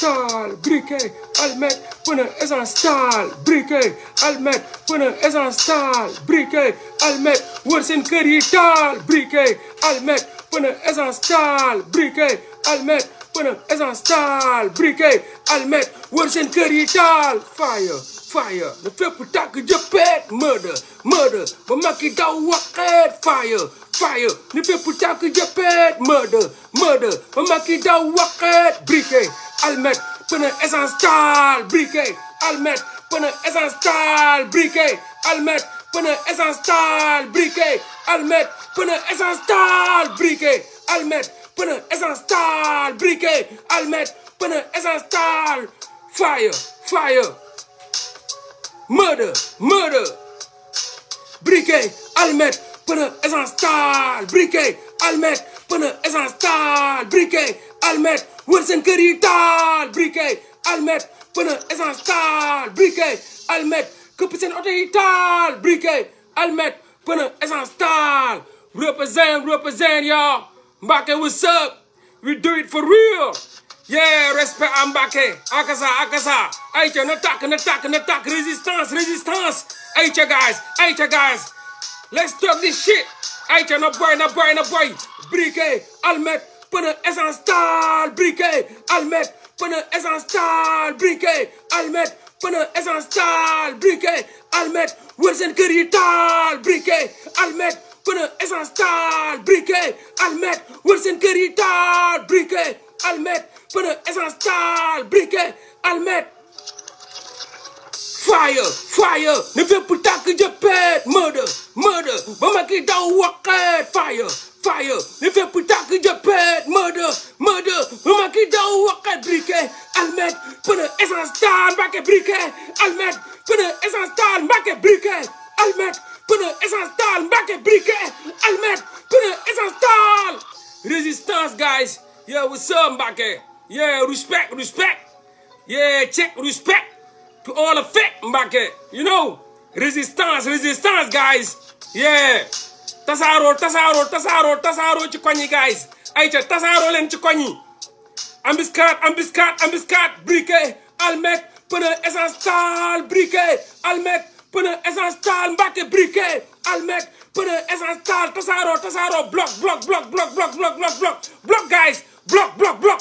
taal briquet almet pneu essence taal briquet almet pneu essence taal briquet almet wër seen kër yi taal briquet almet pneu essence taal briquet almet pneu essence taal briquet almet wër seen kër yi taal fire fire na fépp tàkk jëppeet murder murder ba Macky daw waxeet fire fire na fépp tàkk jëppeet murder murder ba Macky daw waxeet briquet almet pneu essence taal briquet almet pneu essence taal briquet almet pneu essence taal briquet almet pneu essence taal briquet almet pneu essence taal briquet almet pneu essence taal fire fire murder murder briquet almet pneu essence taal briquet almet pneu essence taal briquet almet wër seen kër yi taal briquet almet pneu essence taal briquet almet këpp seen oto yi taal briquet almet pneu essence taal represent represent yo Mbacké what's we do it for real yeah respect à Mbacké akasa akasa ayca na tàkk na tàkk na tàkk résistance résistance ayca guys ayca guys let's boy na boy na boy briquet almet pneu essence taal briquet almet pneu essence taal briquet almet pneu wër seen kër yi taal briquet almet pneu essence taal briquet almet wër seen kër yi taal briquet almet pneu essence taal briquet almet fire fire ne fépp tàkk jëppeet murder murder ba ma ki daw waqeet fire fire. If you put up your bed, murder, murder. Almet, put a essence down back Almet, put a essence down back Almet, put a essence Resistance, guys. Yeah, what's up, Mbake? Yeah, respect, respect. Yeah, check, respect to all effect, Mbake. You know, resistance, resistance, guys. Yeah. tasaaroo tasaaroo tasaaroo tasaaroo ci koñ yi guys ayca tasaaroo leen ci koñ yi embuscade embuscade embuscade briquet almec pneu essence taal briquet almec pneu essence taal mbàkke briquet almec pneu essence taal tasaaroo tasaaroo bloc bloc bloc bloc bloc bloc bloc bloc bloc guys bloc bloc bloc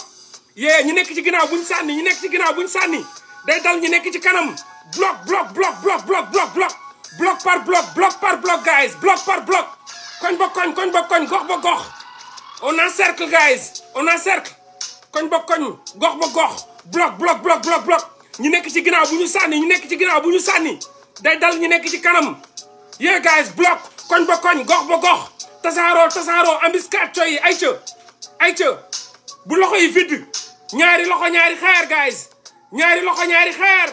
yee ñu nekk ci ginnaaw buñ sànni ñu nekk ci ginnaaw buñ sànni day dal ñu nekk ci kanam bloc bloc bloc bloc bloc bloc bloc par bloc bloc par bloc guys bloc par bloc koñ ba koñ koñ ba koñ gox ba gox on encercle guys on encercle koñ ba koñ gox ba gox bloc bloc bloc bloc bloc ñu nekk ci ginnaaw bu ñu sànni ñu nekk ci ginnaaw bu ñu sànni day dal ñu nekk ci kanam yee guys bloc koñ ba koñ gox ba gox tasaaroo tasaaroo embuscade coy yi ay ca ay ca bu loxo yi vide ñaari loxo ñaari xeer guys ñaari loxo ñaari xeer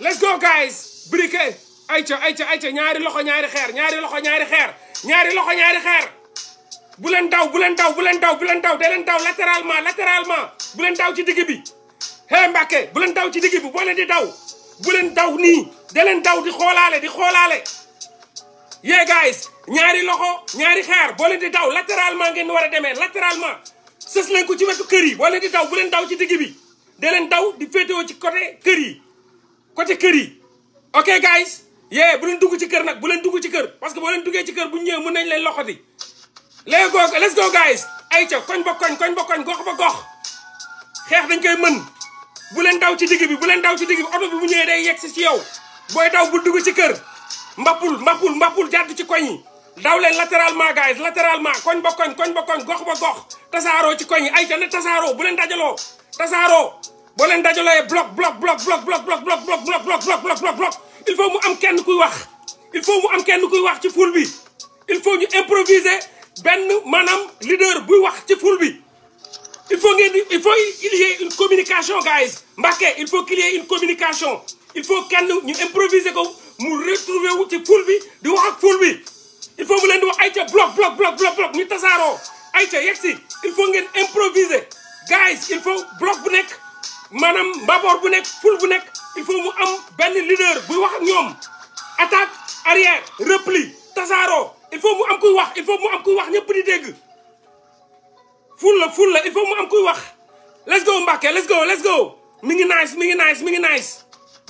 let's go guys briquet ay ca ay ca ay ca ñaari loxo ñaari xeer ñaari loxo ñaari xeer ñaari loxo ñaari xeer bu leen daw bu leen daw bu leen daw bu leen daw da leen daw latéralement latéralement bu leen daw ci digg bi hee Mbàkke bu leen daw ci digg bi boo leen di daw bu leen daw nii da leen daw di xoolaale di xoolaale yee guys ñaari loxo ñaari xeer boo leen di daw latéralement ngeen war a demee latéralement sës leen ko ci wetu kër yi boo leen di daw bu leen daw ci digg bi da leen daw di féetewoo ci côté kër yi côté kër yi ok guys yee bu leen duggu ci kër nag bu leen dugg ci kër parce que boo leen duggee ci kër bu ñu ñëwee mën leen loxoti les go let's go koñ ba koñ koñ ba koñ gox ba gox xeex dañ koy mën bu leen daw ci digg bi bu leen daw ci digg bi oto bi mu ñëwee day yegg si ci yow booy daw bu dugg ci kër mbappul mbappul mbappul jàdd ci koñ yi daw leen latéralement guys latéralement koñ ba koñ koñ ba koñ gox ba gox tasaaroo ci koñ yi ay ca ne tasaaroo bu leen dajaloo tasaaroo boo leen dajaloo bloc bloc bloc bloc bloc bloc bloc bloc bloc bloc bloc bloc il faut mu am kenn kuy wax il faut mu am kenn kuy ci ful bi il faut ñu improviser benn maanaam leader buy wax ci ful bi il faut ngeen di il faut une communication guys Mbacké il faut qu'il y une communication il faut kenn ñu improviser ko mu retrouver ci ful bi di wax ak bi il faut mu leen di wax ayca bloc bloc bloc bloc bloc ñu tasaaroo ayca yegg si il faut ngeen improviser guys il faut bloc bu nekk maanaam mbaboor bu nekk ful nekk il faut mu am benn leader buy wax ak ñoom attaque arrière repli tasaaroo il faut mu am kuy wax il faut mu am kuy wax ñëpp di dégg ful la ful la il faut mu am kuy wax let's go Mbacké let's go let's go mi ngi nice mi ngi nice mi ngi nice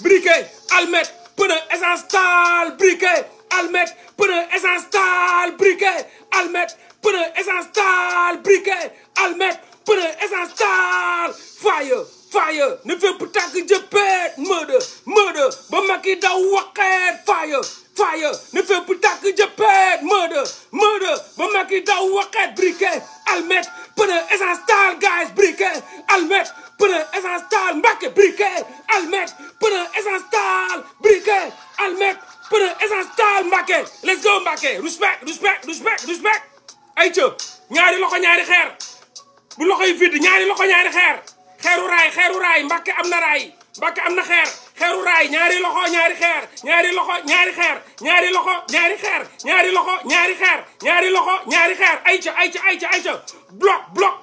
briquet almet pneu essence taal briquet almet pneu essence taal briquet almet pneu essence taal briquet almet pneu essence taal fire fire ne fépp tàkk jëppeet murder murder ba Macky daw waqeet fire fire ne fépp tàkk jëppeet murder murder ba Macky daw waqeet briquet almet pneu essence taal gaz briquet almet pneu essence taal Mbacké briquet almet pneu essence taal briquet almet pneu essence taal Mbacké let's go Mbacké respect respect respect respect ay cë ñaari loxo ñaari xeer bu loxo yi vide ñaari loxo ñaari xeeru raay xeeru raay mbàkke am na raay mbàkke am na xeer xeeru raay ñaari loxo ñaari xeer ñaari loxo ñaari xeer ñaari loxo ñaari xeer ñaari loxo ñaari xeer ñaari loxo ñaari xeer ayca ayca ayca ayca bloc bloc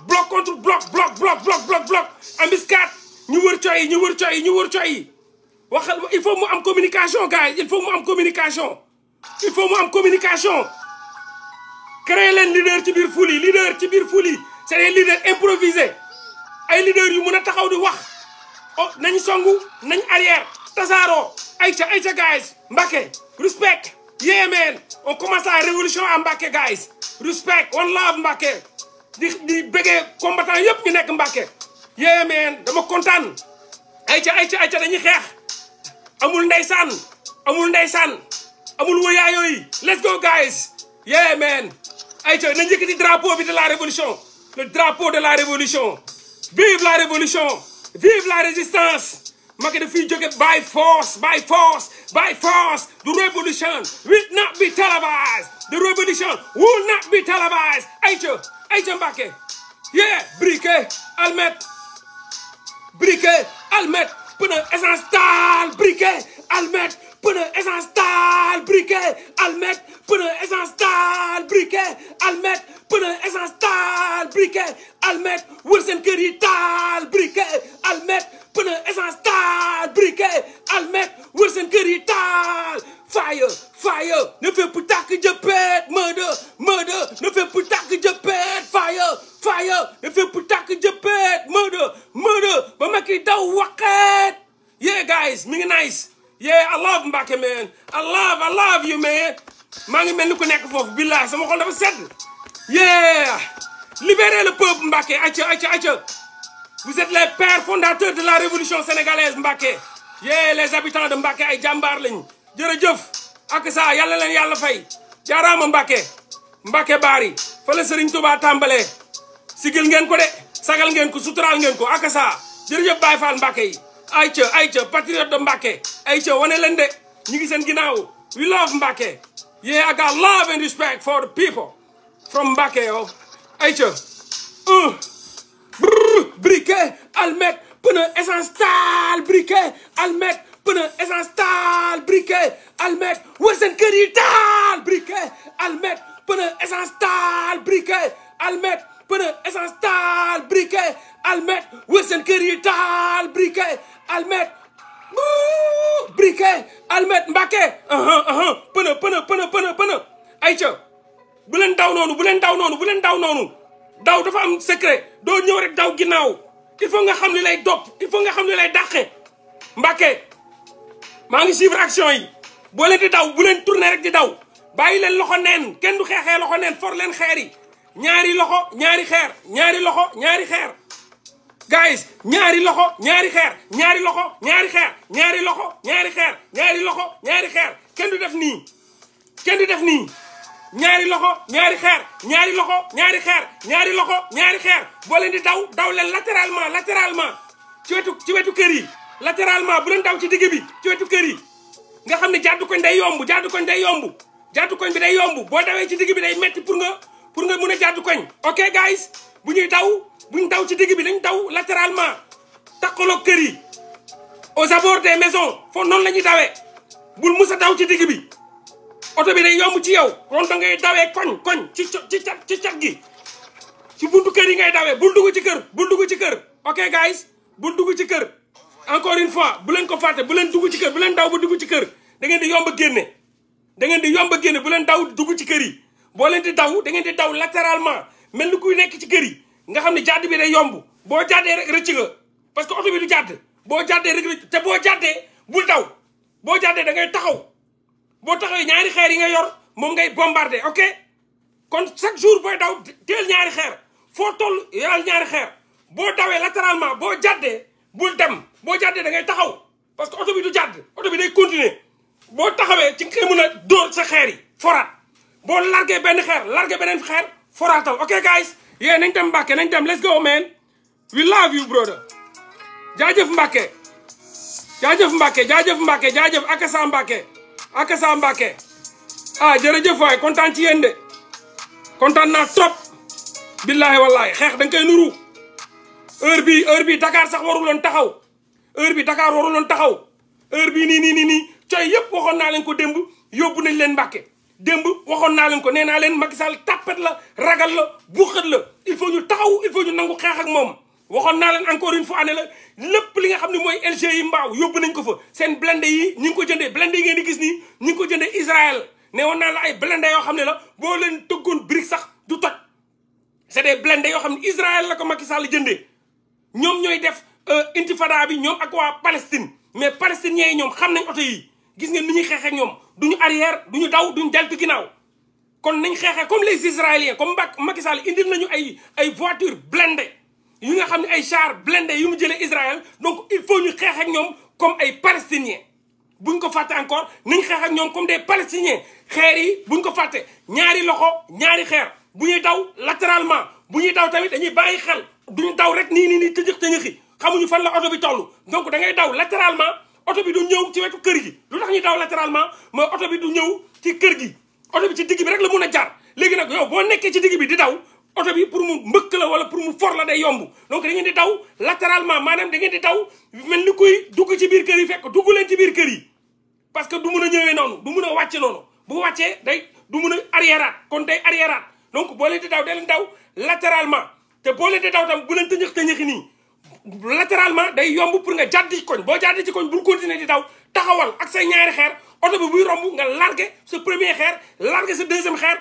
bloc ñu wër coy yi ñu wër coy yi ñu wër coy waxal il faut mu am communication gars il faut mu am communication il faut mu am communication créer leen leader ci biir foule yi ci biir foule yi c'est des ay leader yu mën a taxaw di wax oh nañ songu nañ arrière tasaaroo ayca ayca guys Mbacké respect yeah on commence à révolution à Mbacké guys respect one love Mbacké di di bëggee combattant yëpp ñu nekk Mbacké yeah dama kontaan ayca ayca ayca dañuy xeex amul ndeysaan amul ndeysaan amul woyaayoo yi let's go guys yeah man ayca nañ yëkkati drapeau bi de la révolution le drapeau de la révolution vive la révolution vive la résistance Macky daf fiy jóge by by force by force the revolution will not be televised the revolution will not be televised ayca ayca Mbacké yeah briquet almet briquet almet pneu essence taal briquet almet pneu essence taal briquet almet pneu essence taal briquet almet pneu essence taal briquet almet wër seen kër yi taal briquet almet pneu essence taal briquet almet wër seen kër yi taal fire fire ne fait pour tàkk jëppeet murder murder ne fait pour tàkk jëppeet fire fire ne fait pour tàkk jëppeet murder murder ba ma ki daw waqeet yeah guys yeah I love Mbacké man I love I love you man maa ngi mel ni ku nekk foofu billaay sama xol dafa sedd yeah libérez le peuple Mbacké acca acca acca vous êtes les pères fondateurs de la révolution sénégalaise Mbacké yeah les habitants de Mbacké ay jàmbaar lañu jërëjëf ak saa yàlla leen yàlla fay jaaraama Mbacké Mbacké Bari fa la Serigne Touba tàmbalee sigil ngeen ko de sagal ngeen ko suturaal ngeen ko ak saa jërëjëf Baye Fall yi ayca ayca patriote de Mbacké ay ca wane leen de ñu ngi seen ginnaaw we love Mbacké yeah I got love and respect for the people from Mbacké yow ay ca un briquet almet almet pneu essence taal briquet almet wër seen kër yi taal briquet almet pneu essence taal briquet yi taal briquet almet briquet almet mbake pëna pëna pëna pëna pëna ayca bu leen daw noonu bu leen daw noonu bu leen daw noonu daw dafa am secret doo ñëw rek daw ginnaaw il faut nga xam li lay dopp il faut nga xam li lay dàqe mbake maa ngi suivre action yi boo leen di daw bu leen tourner rek di daw bàyyi leen loxo neen kenn du xeexee loxo neen for leen xeer ñaari loxo ñaari xeer ñaari loxo ñaari xeer guys ñaari loxo ñaari xeer ñaari loxo ñaari xeer ñaari loxo ñaari xeer ñaari loxo ñaari xeer kenn du def nii kenn du def nii ñaari loxo ñaari xeer ñaari loxo ñaari xeer ñaari loxo ñaari xeer boo leen di daw daw leen latéralement latéralement ci wetu ci wetu kër yi latéralement bu leen daw ci digg bi ci wetu kër yi nga xam ne jàddu koñ day yomb jàddu koñ day yomb jàddu koñ bi day yomb boo dawee ci digg bi day metti pour nga pour nga mun a jàddu koñ ok guys bu ñuy daw bu ñu daw ci digg bi nañ daw latéralement takkaloo kër yi aux abords des maisons foofu noonu la ñuy dawee bul mus a daw ci digg bi oto bi day yomb ci yow loolu da ngay dawee koñ koñ ci ci cat ci cat gi ci buntu kër yi ngay dawee bul dugg ci kër bul dugg ci kër ok guys bul dugg ci kër encore une fois bu leen ko fàtte bu leen dugg ci kër bu leen daw ba dugg ci kër da ngeen di yomb a génne da ngeen di yomb a génne bu leen daw dugg ci kër yi boo leen di daw da ngeen di daw latéralement mel ni kuy nekk ci kër yi nga xam ne jàdd bi day yomb boo jàddee rek rëcc nga parce que oto bi du jàdd boo jàddee rek rëcc te boo jàddee bul daw boo jàddee da ngay taxaw boo taxawee ñaari xeer yi nga yor moom ngay bombardé ok kon chaque jour booy daw teel ñaari xeer foo toll yoral ñaari xeer boo dawee latéralement boo jàddee bul dem boo jàddee da ngay taxaw parce que oto bi du jàdd oto bi day continuer boo taxawee ci nga na a sa xeer yi foraat boo largee benn xeer largee beneen xeer foraatal ok guys yee nañ dem Mbacke nañ dem let's go man yu love you brother jaajëf Mbacke jaajëf Mbacke jaajëf Mbacke jaajëf akasa Mbacke akasa Mbacke ah jërëjëf kontaan ci yéen de kontaan naa trop billaahi wallaahi xeex da nga koy nuru heure bi heure bi dakaar sax waru loon taxaw heure bi Dakar waru loon taxaw heure bi nii nii ni nii coy yëpp waxoon naa leen ko démb yóbbu nañ leen Mbacke démb waxoon naa leen ko nee naa leen Macky Sall tàppet la ragal la buuxat la il faut ñu taxaw il faut ñu nangu xeex ak moom waxoon naa leen encore une fois ne la lépp li nga xam ne mooy LG yi mbaaw yóbbu nañ ko fa seen blende yi ñi ngi ko jënde blende yi ngeen di gis nii ñi ko jëndee Israël ne woon naa la ay blende yoo xam ne la boo leen tëggoon brique sax du toj c'est des blende yoo xam ne Israël la ko Macky Sall jëndee ñoom ñooy def euh, intifada bi ñoom ak waa Palestine mais palestiniens yi ñoom xam nañ oto yi gis ngeen ni ñuy xeexee ñoom du duñu arrière ñu daw duñu deltu ginnaaw kon nañ xeexee comme les israéliens comme Macky Sall indil nañu ay ay voiture blindée yu nga xam ne ay char blindé yu mu jëlee Israël donc il faut ñu xeex ak ñoom comme ay palestiniens buñ ko fàtte encore nañ xeex ak ñoom comme des palestiniens xeer yi buñ ko fàtte ñaari loxo ñaari xeer bu ñuy daw latéralement bu ñuy daw tamit dañuy bàyyi xel duñu daw rek nii nii nii tëjëx tëjëxi xamuñu fan la oto bi toll donc da ngay daw latéralement oto bi du ñëw ci wetu kër gi lu tax ñu daw latéralement mooy oto bi du ñëw ci kër gi oto bi ci digg bi rek la mun a jaar léegi nag yow boo nekkee ci digg bi di daw oto bi pour mu mbëkk la wala pour mu for la day yomb donc da ngeen di daw latéralement maanaam da ngeen di daw mel ni kuy dugg ci biir kër yi fekk dugg leen ci biir kër parce que du mun a ñëwee noonu du mun a wàcc bu wàccee day du mun a kon day arriéraat donc boo leen di daw day leen daw latéralement te boo leen di daw tam bu leen tëñëx tëñëxi nii latéralement day yomb pour nga jàdd ci koñ boo jàdd ci koñ bul continuer di daw taxawal ak say ñaari xeer oto bi buy romb nga largué sa premier xeer largué sa deuxième xeer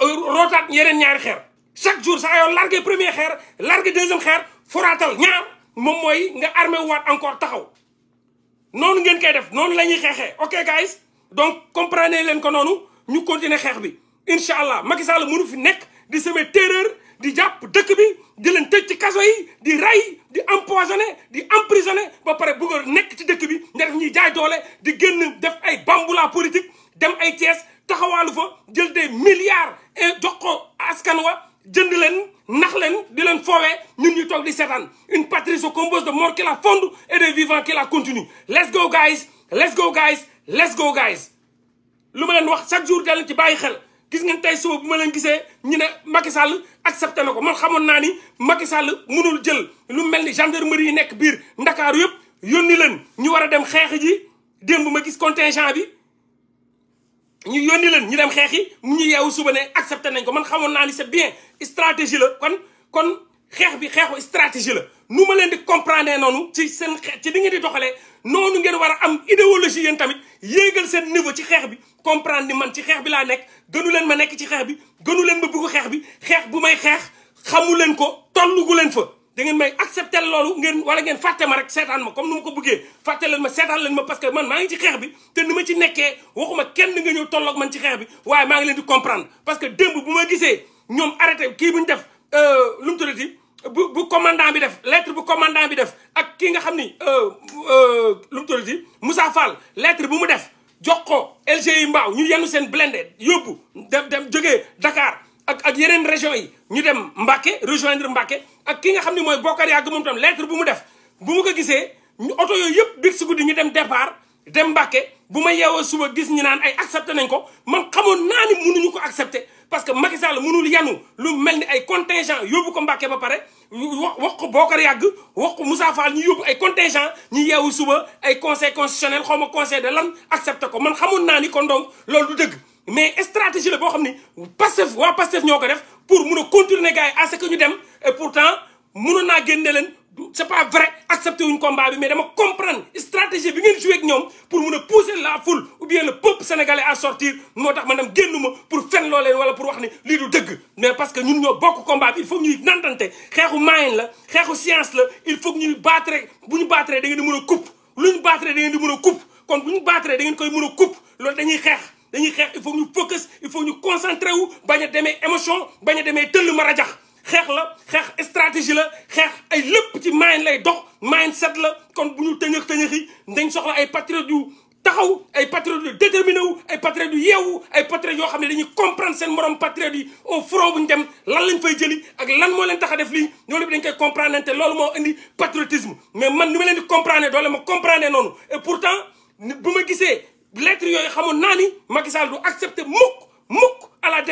euh, rootaat yeneen ñaari xeer chaque jour saa yoo largué premier xeer largué deuxième xeer foraatal ñaar moom mooy nga armé waat encore taxaw noonu ngeen koy def noonu la ñuy xeexee ok guys donc comprenez leen ko noonu ñu continuer xeex bi incha allah Macky Sall mënu fi nekk di semer terreur di jàpp dëkk bi di leen tëj ci kaso yi di rey di empoisonné di emprisonné ba pare bëgg a nekk ci dëkk bi nga def ñuy jaay doole di génn def ay bambula politique dem ay Thiès taxawaalu fa jël des milliards et jox ko askan wa jënd leen nax leen di leen foowee ñun ñu toog di seetaan une patrie se compose de morts qui la fondent et de vivants qui la continuent let's go guys let's go guys let's guys lu ma leen wax chaque jour dal ci bàyyi xel gis nga tey suba bu ma leen gisee ñu ne Macky Sall accepté na ko man xamoon naa ni Macky Sall mënul jël lu mel ni gendarmerie yi nekk biir ndakaaru yëpp yónni leen ñu war a dem xeex ji démb ma gis contingent bi ñu yónni leen ñu dem xeex yi mu ñu yeewu suba ne accepté nañ ko man xamoon naa ni c'est bien stratégie la kon kon xeex bi xeexu stratégie la nu ma leen di comprendre noonu ci seen xeex ci di ngeen di doxalee noonu ngeen war am idéologie yéen tamit yéegal seen niveau ci xeex bi comprendre ni man ci xeex bi laa nekk gënu leen ma nekk ci xeex bi gënu leen ma bëgg xeex bi xeex bu may xeex xamu leen ko tollugu leen fa da ngeen may accepter loolu ngeen wala ngeen fàtte ma rek seetaan ma comme ni ko bëggee fàtte leen ma seetaan leen que man maa ngi ci xeex bi te ni ma ci nekkee waxuma kenn nga ñëw tolloog man ci xeex bi waaye maa ngi leen di comprendre parce que démb bu ma gisee ñoom arrêté kii bu ñu def euh, lu mu tuddati bu bu commandant bi def lettre bu commandant bi def ak kii nga xam ni euh, euh, lu mu tuddati Moussa Fall bu mu def jox ko LGI Mbaaw ñu yenu seen blindé yóbbu dem dem jóge Dakar ak ak yeneen région yi ñu dem Mbacké rejoindre Mbacké ak ki nga xam ni mooy Bokar yàgg moom tam lettre bu mu def bu mu ko gisee ñu oto yooyu yëpp biig si guddi ñu dem départ dem Mbàkke bu ma yeewoo suba gis ñu naan ay accepté nañ ko man xamoon naa ni mënuñu ko accepté parce que Macky Sall mënul yanu lu mel ni ay contingent yóbbu ko Mbàkke ba pare wax wax ko Bokar Yàgg wax ko Moussa Fall ñu yóbbu ay contingent ñu yeewu suba ay conseil constitutionnel xaw ma conseil de lan accepté ko man xamoon naa ni kon donc loolu du dëgg mais stratégie la boo xam ni Pastef waa Pastef ñoo ko def pour mun a contourner gars yi à ce que ñu dem et pourtant mënoon naa génne leen c'est pas vrai accepté wuñ combat bi mais dama comprendre stratégie bi ngeen joué ak ñoom pour mun a pousser la foule ou bien le peuple sénégalais à sortir moo tax man dem génnuma pour fen loo leen wala pour wax ne lii du dëgg mais parce que ñun ñoo bokk combat bi il faut ñuy nantante xeexu moyen la xeexu science la il faut ñuy battre bu ñu battre da ngeen di mën a coupe lu ñu battre da ngeen di mën a coupe kon bu ñu battre da ngeen koy mën a coupe loolu dañuy xeex dañuy xeex il ñu focus il faut ñu concentrer wu bañ demee émotion bañ a demee tëll ma rajax xeex la xeex stratégie la xeex ay lépp ci mind lay dox mindset la kon bu ñu tëñëx tëñëxi dañ soxla ay patriotes yu taxaw ay patriotes yu déterminé wu ay patriotes yu yeewu ay patriotes yoo xam ne dañuy comprendre seen morom patriotes yi au front bu ñu dem lan lañ fay jëli ak lan moo leen tax def lii loolu bi dañ koy comprendre te loolu moo indi patriotisme mais man ni ma leen di comprendre doole ma comprendre noonu et pourtant bu ma gisee lettres yooyu xamoon naa ni Macky Sall du accepter mukk mukk à la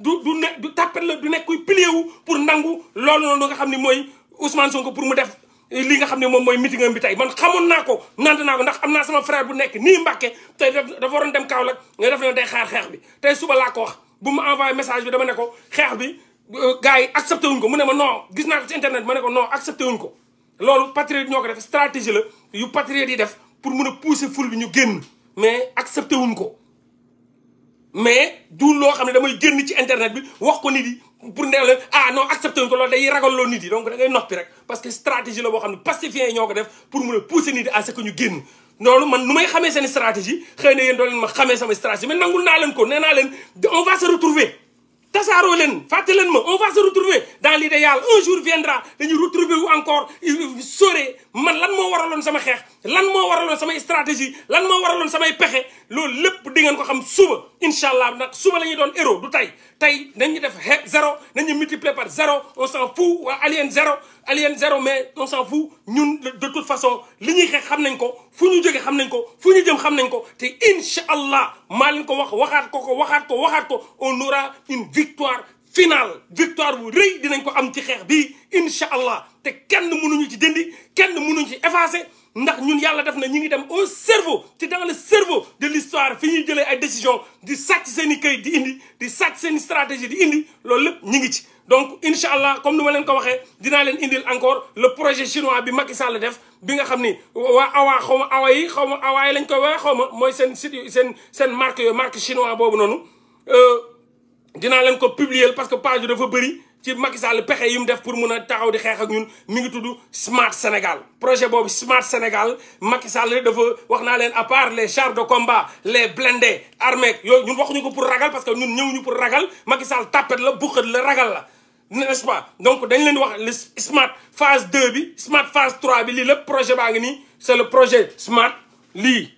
du du nekk du tàppet la du nekk kuy plié wu pour nangu loolu noonu nga xam ne mooy Ousmane ko pour mu def li nga xam ne moom mooy meeting bi tey man xamoon naa ko nant naa ko ndax naa sama frère bu nekk nii Mbàkke tey dafa dem Kaolack nga def ne day xaar xeex bi tey suba laa ko wax bu ma envoyé message bi dama ne ko xeex bi euh, gars yi accepté wuñ ko mu ne ma non gis naa ko ci internet ma ne ko non accepté wuñ ko loolu patriote ñoo ko def stratégie la yu patriote yi def pour mun a pousser foule bi ñu génn mais accepté wuñ ko mais du loo xam ne damay génn ci internet bi wax ko nit yi pour ndew leen ah non accepté ko day ragal loo nit yi donc da ngay noppi rek parce que stratégie la boo xam ne que yi ñoo ko def pour mun a pousser nit yi à ce que ñu génn loolu man nu may xamee seen stratégie xëy na yéen leen ma xamee sama stratégie mais nangul naa leen ko nee naa leen on va se retrouver tasaaroo leen fàtte leen ma on va se retrouver dans l'idéal un jour viendra dañuy retrouver wu encore sore man lan moo waraloon sama xeex lan moo waraloon samay stratégie lan moo waraloon samay pexe loolu lépp di ko xam suba incha allah nag suba la ñuy doon héros du tey tey nañu def xeet zéro nañu multiplier par zéro on s'en fout waa alien zéro alien zéro mais on s'en fout ñun de façon li ñuy xeex xam nañ ko fu ñu jóge xam nañ ko fu ñu jëm xam nañ ko te incha allah maa leen ko wax waxaat ko ko waxaat ko waxaat ko on aura une victoire final victoire bu rëy dinañ ko am ci xeex bi incha allah te kenn mënuñu ci dindi kenn mënuñu ci effacer ndax ñun yàlla def na ñu ngi dem au cerveau ci dans le cerveau de l'histoire fi ñuy jëlee ay décision di sat seen i kayit di indi di sàcc seen i stratégie di indi loolu lépp ñu ngi ci donc incha allah comme ni ma leen ko waxee dinaa leen indil encore le projet chinois bi Macky Sall def bi nga xam ni waa awaa xaw ma awa yi xaw ma awaa yi lañ koy waxee xaw ma mooy seen site seen seen marque yooyu marque boobu noonu euh, dinaa leen ko publier parce que page bi dafa bëri ci Macky Sall pexe yi mu def pour mun a taxaw di xeex ak ñun mi ngi tudd Smart Sénégal projet boobu Smart Sénégal Macky Sall dafa wax naa leen à part les de combat les blindés armés yooyu ñun waxuñu ko pour ragal parce que ñun ñëwuñu pour ragal Macky Sall tapet la buqat la ragal la n'est-ce pas donc dañ leen wax le Smart phase 2 bi Smart phase 3 bi lii lépp projet baa ngi nii c'est le projet Smart lii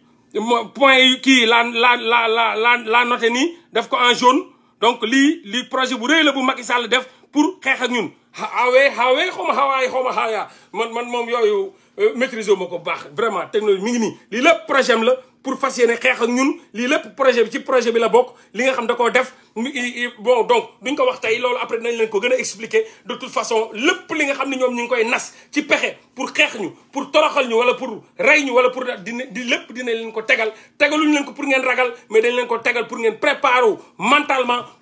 point kii la la la la la noté nii def ko en jaune donc lii lii projet bu rëy la bu Macky Sall def pour xeex ak ñun awee awee xaw ma xawaay xaw ma xaayaa man man moom yooyu euh, maîtriser ma ko bu baax vraiment technologie mi ngi nii lii lépp projet am la pour fas yéene xeex ak ñun lii lépp projet bi ci projet bi la bokk li nga xam da koo def bon donc duñ ko wax tey loolu après dinañ leen ko gën a de toute façon lépp li nga xam ne ñu ngi koy nas ci pexe pour xeex ñu pour toroxal ñu wala pour rey ñu wala pour dina di lépp dinañ leen ko tegal tegaluñ leen ko pour ngeen ragal mais dañ leen ko tegal pour ngeen préparer wu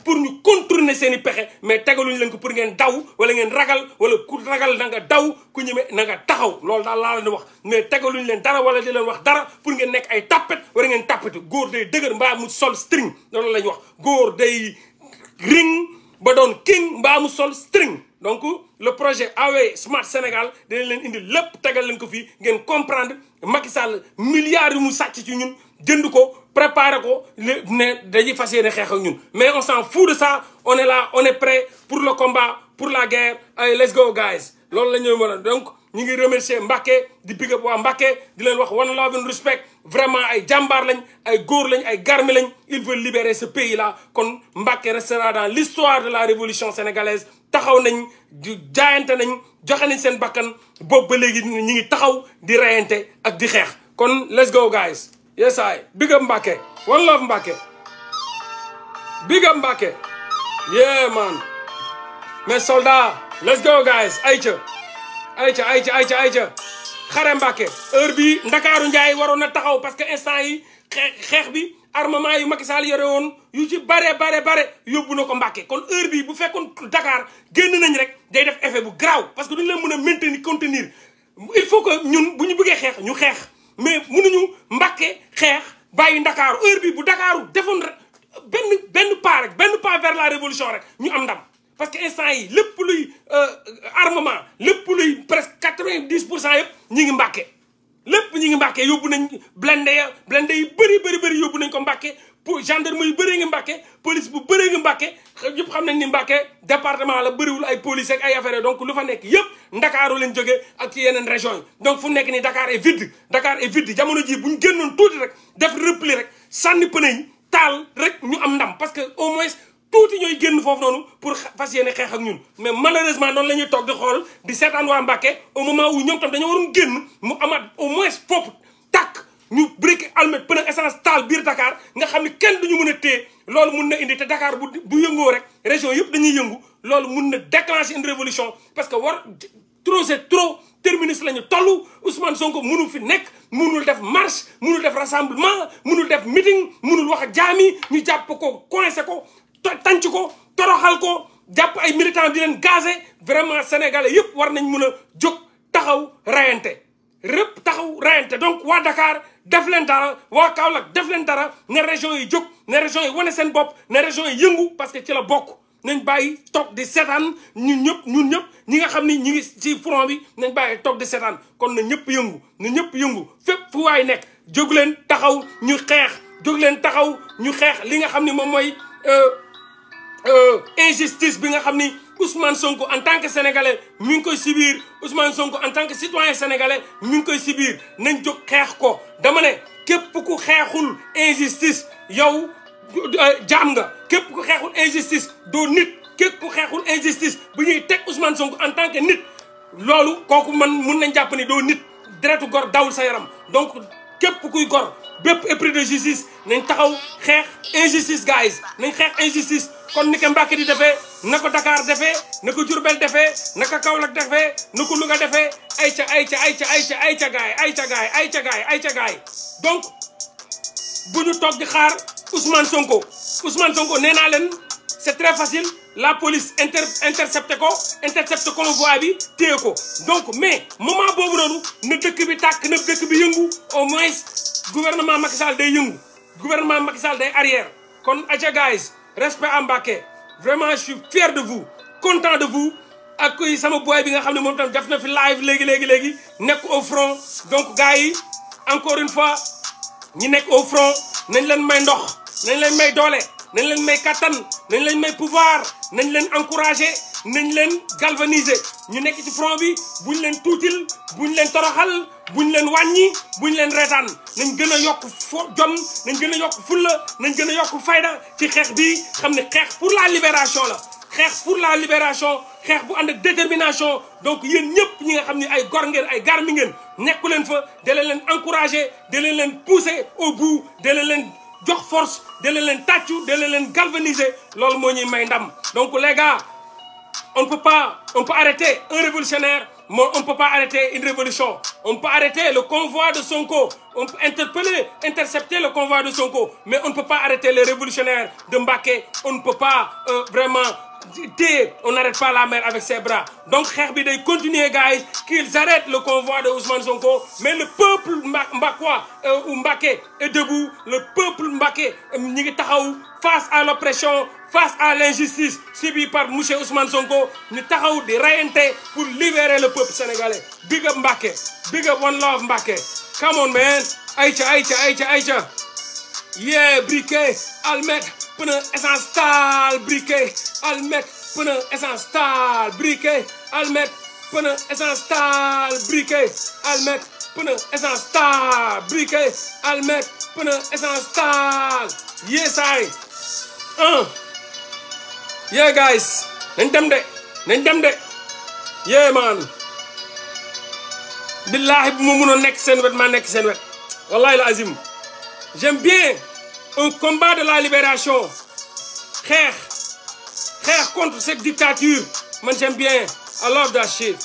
pour ñu contourner seen pexe mais tegaluñ leen ko pour ngeen daw wala ngeen ragal wala ku ragal na nga daw ku ñëme na taxaw loolu daal laa leen wax mais tegaluñ leen dara wala di leen wax dara pour ngeen nekk ay tappet wala ngeen tappete góor day dëgër mbaa mu sol string loolu lañ wax góor day ay ring ba doon king mbaa mu sol string donc le projet Awee Smart Sénégal dinañ leen indi lépp tegal leen ko fii ngeen comprendre Macky Sall milliards yu mu sàcc ci ñun jënd ko préparer ko ne dañuy fas yéene xeex ak ñun mais on s'en fout de ça on est là on pour le combat pour la guerre ay let's go guys loolu la ñuy mën donc ñu ngi remercier Mbacké di big up waa Mbacké di leen wax one love and respect vraiment ay jàmbaar lañ ay góor lañ ay garme lañ il veut libérer ce pays là kon Mbacké restera dans l'histoire de la révolution sénégalaise taxaw nañ jaayante nañ joxe nañ seen bakkan boobu ba léegi ñu ngi taxaw di reyante ak di xeex kon let's go guys yes I big up Mbacké one love Mbacké big up Mbacké yeah man mes soldats let's go guys ayca ayca ayca ayca ayca xare Mbàkke heure bi ndakaaru njaay waroon na taxaw parce que instant yi xeex bi armement yu Macky Sall yore woon yu ci bare bare bare yóbbu na ko Mbàkke kon heure bi bu fekkoon dakaar génn nañ rek day def effet bu garaaw parce que duñu leen mun a maintenir contenir il faut que ñun bu ñu buggee xeex ñu xeex mais ñu Mbàkke xeex bàyyi ndakaaru heure bi bu dakaaru defoon rek benn benn pas rek benn pas vers la révolution rek ñu am ndam parce que instant yi lépp luy euh, armement lépp luy presque quatre-vingt-dix pour cent yëpp ñi ngi mbàkke lépp ñi ngi mbàkke yóbbu nañ blindé ya blindé yi bëri bëri bëri yóbbu nañ ko mbàkke pour gendarme yu bëree ngi mbàkke police bu bëree ngi mbàkke yëpp xam nañ ni mbàkke département la bëriwul ay police ak ay affaire donc lu fa nekk yëpp ndakaaru leen jóge ak yeneen région yi donc fu nekk ni Dakar est vide Dakar est vide jamono ji bu ñu génnoon tuuti rek def repli rek sànni pëne rek ñu am ndam parce que au moins tuuti ñooy génn foofu noonu pour fas yéene xeex ak ñun mais malheureusement noonu la ñuy toog di xool di seetaan waa Mbàkke au moment où ñoom tam dañoo waroon génn mu amaat au moins foofu tàkk ñu briquet almet pneu essence taal biir Dakar nga xam ne kenn duñu mën a téye lool mun na indi te Dakar bu bu yëngoo rek région yëpp dañuy yëngu lool mun na déclencher une révolution parce que war trop c'est trop terminus la ñu toll Ousmane Sonko mënul fi nekk mënul def marche mënul def rassemblement mënul def meeting mënul wax ak jaam ñu jàpp ko coincé ko tànc ko toroxal ko jàpp ay militants di leen gazé vraiment sénégalais yëpp war nañ mun a jóg taxaw rayante rëpp taxaw rayante donc waa Dakar def leen dara waa Kaolack def leen dara ne région yi jóg ne région yi wane seen bopp na région yi yëngu parce que ci la bokk nañ bàyyi toog di seetaan ñun ñëpp ñun ñëpp ñi nga xam ni ñi ngi ci front bi nañ bàyyi toog di seetaan kon na ñëpp yëngu na ñëpp yëngu fépp fu waay nekk jóg leen taxaw ñu xeex jóg leen taxaw ñu xeex li nga xam ni moom mooy euh, Euh, injustice bi nga xam ni Ousmane Sonko en tant que sénégalais mi ngi koy subir Ousmane Sonko en tant que citoyen sénégalais mi ngi koy subir nañ jóg xeex ko dama ne képp ku xeexul injustice yow euh, jaam nga képp ku xeexul injustice do nit képp ku xeexul injustice bu ñuy teg Ousmane Sonko en tant que nit loolu kooku man mun nañ jàpp ni doo nit deretu gor dawul sa yaram donc képp kuy gor bépp épris de justice nañ taxaw xeex injustice guys nañ xeex injustice kon ni ko Mbàkke di defee na dakaar Dakar defee na ko Jurbel defee na ko Kaolack defee na ko Louga defee ay ca ay ca ay ay ay ca gaay ay ca gaay ay ca ay ca donc bu ñu toog di xaar Ousmane Sonko Ousmane Sonko nee naa leen c'est très facile la police inter intercepté ko intercepté convoi bi téye ko donc mais moment boobu noonu na dëkk bi tàkk na dëkk bi yëngu au moins gouvernement Macky Sall day yëngu gouvernement Macky Sall day arrière kon aca guys respect à Mbacké vraiment je suis fier de vous content de vous ak sama boy bi nga xam ne moom tam def na fi live léegi léegi léegi nekk au front donc gars yi encore une fois ñi nekk au front nañ leen may ndox nañ leen may doole nañ leen may kattan nañ leen may pouvoir nañ leen encourager nañ leen galvaniser ñu nekk ci front bi buñ leen tuutil buñ leen toroxal buñ leen wàññi buñ leen reetaan nañ gën a yokk fo jom nañ gën a yokk fulla nañ gën a yokk fayda ci xeex bi xam ne xeex pour la libération la xeex pour la libération xeex bu ànd ak donc yéen ñëpp ñi nga xam ni ay gor ngeen ay garmi ngeen nekku leen fa dalee leen encouragé dalee leen poussé au gou dalee leen jox force dalee leen tàccu dalee leen galvaniser loolu moo ñuy may ndam donc les gars on ne peut pas on peut arrêter un révolutionnaire Mais on ne peut pas arrêter une révolution. On peut arrêter le convoi de Sonko. On peut interpeller, intercepter le convoi de Sonko. Mais on ne peut pas arrêter les révolutionnaires de Mbaké. On ne peut pas euh, vraiment on n'arrête pas la mer avec ses bras. Donc, Herbide continue, guys, qu'ils arrêtent le convoi de Ousmane Sonko. Mais le peuple mbakois euh, ou Mbaké est debout. Le peuple Mbaké, euh, Nigetahaou, face à l'oppression face à l'injustice subie par monsieur Ousmane Sonko ñu taxaw di reyante pour libérer le peuple sénégalais big up Mbacké big up one love Mbacké come on man ayca ayca ayca ayca yeah briquet almet pneu essence taal briquet almet pneu essence taal briquet almet pneu essence taal briquet un uh. yee guys nañ dem de nañ dem de yee maan billaahi bu ma mënoon nekk seen wet ma nekk seen wet wallahi la azim un combat de la libération xeex xeex contre cette dictature man j'aime bien I love that shit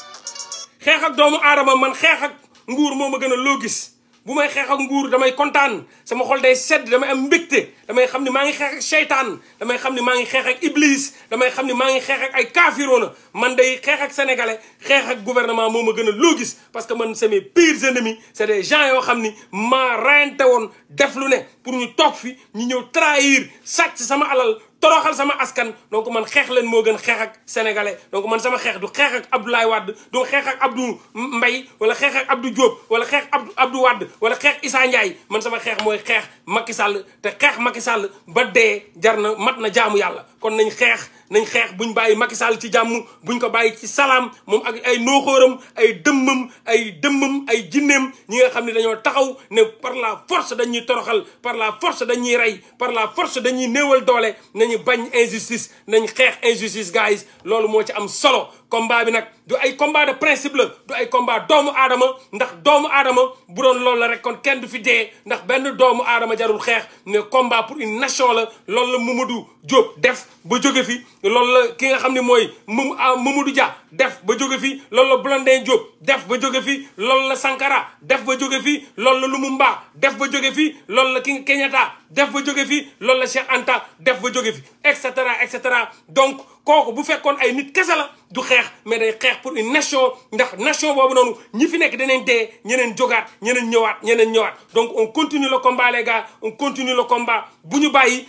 xeex ak doomu aadama man xeex ak nguur moo ma gën a loo gis bu may xeex ak nguur damay kontaan sama xol day sedd damay am mbégte damay xam ni maa ngi xeex ak damay xam ni maa ngi xeex ak iblis damay xam ni maa ngi xeex ak ay kaafiroona man day xeex ak sénégalais xeex ak gouvernement moo ma gën a loogis gis parce que man c'est mes pires ennemis c'est des gens yoo xam ni ma reyante woon deflu ne pour ñu toog fi ñu ñëw trahir sàcc sama alal toroxal sama askan donc man xeex leen moo gën xeex ak sénégalais donc man sama xeex du xeex ak Abdoulaye Wade du xeex ak Abdou Mbaye wala xeex ak Abdou Diop wala xeex Abdou Abdou Wade wala xeex Issa Ndiaye man sama xeex mooy xeex Macky Sall te xeex Macky Sall ba dee jar na mat na jaamu yàlla kon nañ xeex nañ xeex buñ bàyyi Macky Sall ci jàmm buñ ko bàyyi ci salaam moom ak ay nooxóoram ay dëmmam ay dëmmam ay jinneem ñi nga xam ne dañoo taxaw ne par la force dañuy toroxal par la force dañuy rey par la force dañuy néewal doole nañu bañ injustice nañ xeex injustice guys loolu moo ci am solo combat bi nag du ay combat de principe la du ay combat doomu aadama ndax doomu aadama bu doon loolu la rek kon kenn du fi dee ndax benn doomu aadama jarul xeex mais combat pour une nation la loolu la Mamadou Diop def ba jóge fi loolu la ki nga xam ne mooy mum ah, Mamadou Dia def ba jóge fi loolu la Blondin Diop def ba jóge fi loolu la Sankara def ba jóge fi loolu la Lumumba def ba jóge fi loolu la ki Kenyatta def ba jóge fi loolu la Cheikh Anta def ba jóge fi et cetera et cetera donc kooku bu fekkoon ay nit kese la du xeex mais day xeex pour une nation ndax nation boobu noonu ñi fi nekk danañ dee ñeneen jógaat ñeneen ñëwaat ñeneen ñëwaat donc on continue le combat les gars on continue le combat bu ñu bàyyi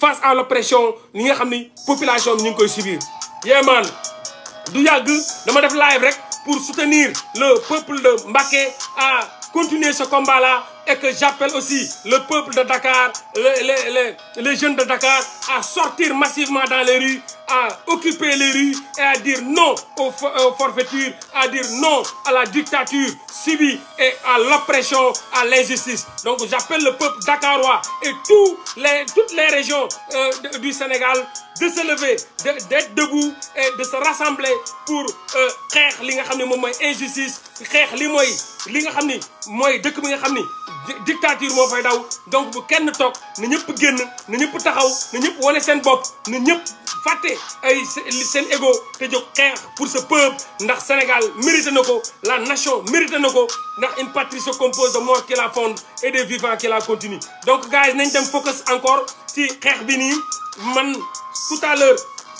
face à l'oppression li nga xam ni population bi ñu ngi koy subir yeemaan du yàgg dama def live rek pour soutenir le peuple de Mbacké à continuer ce combat là et que aussi le peuple de Dakar le les les jeunes de Dakar a sortir massivement dans les rues à occuper les rues et à dire non aux, forfaitures, à dire non à la dictature civile et à l'oppression, à l'injustice. Donc j'appelle le peuple dakarois et tous les, toutes les régions euh, du Sénégal de se lever, d'être de, debout et de se rassembler pour euh, xeex li nga xam ne moom mooy injustice xeex li mooy li nga xam ni mooy dëkk bi nga xam ni dictature moo fay daw donc bu kenn toog na ñëpp génn na ñëpp taxaw na ñëpp wane seen bopp na ñëpp fàtte ay seen ego te jóg xeex pour ce peuple ndax Sénégal mérite na ko la nation mérite na ko ndax une patrie se compose de morts qui la fondent et des vivants qui la continuent donc gars yi nañ dem focus encore si xeex bi nii man tout à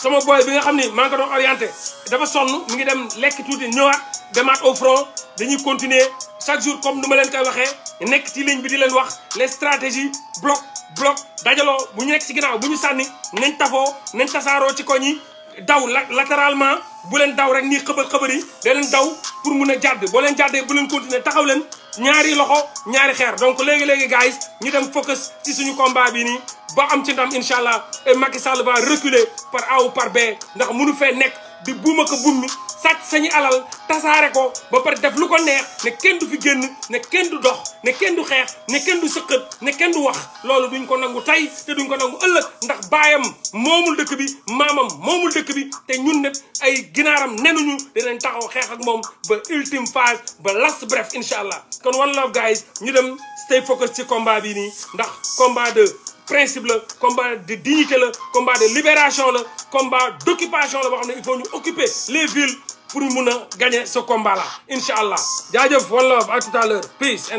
sama boy bi nga xam ni maa ngi ko doon orienté dafa sonn mu ngi dem lekk tuuti ñëwaat demaat au front dañuy continuer chaque jour comme nu ma leen koy waxee nekk ci ligne bi di leen wax les stratégies bloc bloc dajaloo bu ñu nekk ci ginnaaw bu ñu sànni nañ tafoo nañ tasaaroo ci koñ yi daw lateralement bu leen daw rek nii xëbal xëbal yi da leen daw pour mun a jàdd boo leen jàddee bu leen continuer taxaw leen ñaari loxo ñaari xeer donc léegi-léegi gars yi ñu dem focus ci suñu combat bi nii ba am ci ndam incha allah et Macky Sall va reculer par A par B ndax munu fee nekk di buuma ko bummi sàcc sañu alal tasaare ko ba pare def lu ko neex ne kenn du fi génn ne kenn du dox ne kenn du xeex ne kenn du sëqët ne kenn du wax loolu duñ ko nangu tey te duñ ko nangu ëllëg ndax baayam moomul dëkk bi maamam moomul dëkk bi te ñun nag ay ginaaram nenuñu dinañ taxaw xeex ak moom ba ultime phase ba last bref incha allah kon one love guys ñu dem stay focus ci combat bi ndax combat de principe la combat de dignité la combat de libération la combat d'occupation la boo xam ne il faut ñu occuper les villes pour mun a gagner ce combat incha allah jaajëf one love à tout à l'heure peace